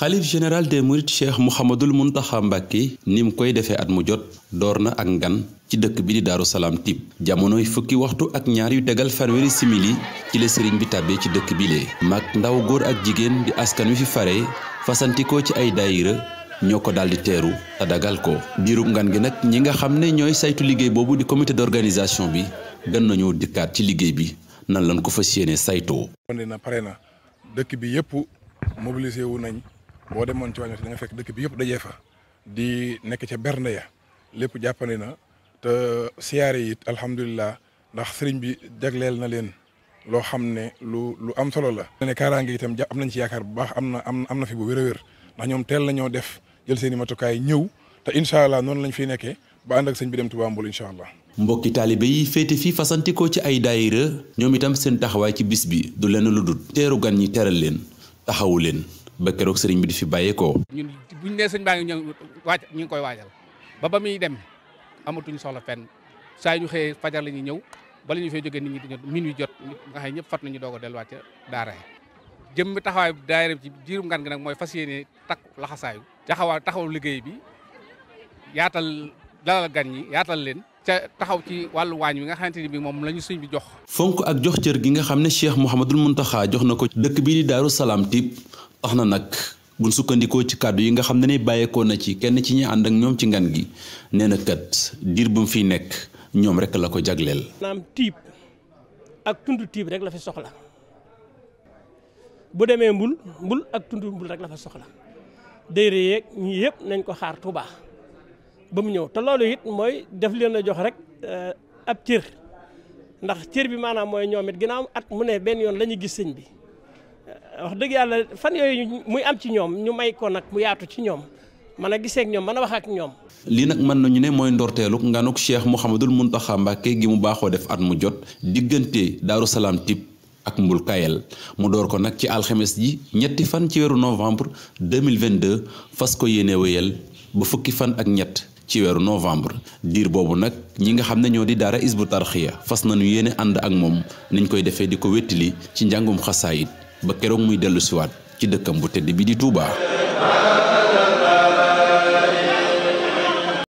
xalif général des mourides cheikh mouhamadul muntaxa mbàkke ni mu koy defee at mu jot door na ak ngan ci dëkk bi di daaru salaam tibb jamonoy fukki waxtu ak ñaar yu tegal fanweeri simili ci la sëriñ bi tàbbee ci dëkk bi lee mag ndaw góor ak jigéen di askan wi fi fare fasantikoo ci ay daayira ñoo ko daal di teeru te dagal ko diirub ngan gi nag ñi nga xam ne ñooy saytu liggéey boobu di comité d'organisation bi gën nañoo dikkaat ci liggéey bi nan lañ ko fas yéene saytoo. pare na dëkk bi yëpp mobilisé wu nañ boo demoon ci wàññi da nga fekk dëkk bi yëpp dajee fa di nekk ca bernde ya lépp jàppandi na te siyaare yit alhamdulillah ndax sëriñ bi jagleel na leen loo xam ne lu lu am solo la. ne kaaraange itam am nañ ci yaakaar bu baax am na am na fi bu wér-wér ndax ñoom teel nañoo def jël seen i matukaay ñëw te incha allah noonu lañ fi nekkee ba ànd ak sëñ bi dem Tuubaa Mbul incha allah. mbokki taalibe yi féete fii fasantikoo ci ay daayira ñoom itam seen taxawaay ci bis bi du leen lu dul teeru gan ñi teral leen taxawu leen. ba keroog sëriñ bi di fi bàyyeekoo. bu buñ nee sëñ baa ngi ñëw waaj ñu ngi koy waajal ba ba muy dem amatuñu soxla fenn saa ñu xëyee fajar la ñëw bala ñu fay jógee nit ñi di min wi jot nga ñëpp fat nañu doog a ca daara jëm mi taxawaay daayira ci jiirum ngan gi nag mooy fas yéene takk laxasaayu taxawaa taxaw liggéey bi yaatal dalal gan ñi yaatal leen ca taxaw ci wàllu waañ wi nga xamante ni bi moom la ñu sëñ bi jox fonk ak jox cër gi nga xam ne Cheikh Mouhamadul Mountakha jox na ko dëkk bii di Daaru Salaam wax na nag buñ sukkandikoo ci kàddu yi nga xam ne ne bàyyeekoo na ci kenn ci ñi ànd ak ñoom ci ngan gi nee na kat diir bu mu fiy nekk ñoom rek la ko jagleel. naam tiib ak tund tiib rek la fi soxla bu demee mbul mbul ak tund mbul rek la fa soxla déere yeeg ñi yëpp nañ ko xaar Tuuba ba mu ñëw te loolu it mooy def leen a jox rek eh, ab cër ndax cër bi maanaam mooy ñoom it ginnaaw at mu ne benn yoon la ñu gis sëñ bi. wax dëgg yàlla fan yooyu muy am ci ñoom ñu may ko nag mu yaatu ci ñoom mën a gisee ak ñoom mën a wax ak ñoom. lii nag mën nañu ne mooy ndorteelu nganuk Cheikh Mouhamadul Mountakha Mbacké gi mu baaxoo def at mu jot diggante Daaru Salaam Typ ak Mbul mu door ko nag ci alxemes ji ñetti fan ci weeru novembre 2022 fas ko yéene wéyal ba fukki fan ak ñett. ci weeru novembre diir boobu nag ñi nga xam ne ñoo di daara isbu tarxiya fas na nu yéene ànd ak moom niñ koy defee di ko wéttali ci njàngum xasaayit ba keroog muy dellu siwaat ci dëkkam bu tedd bi di Touba.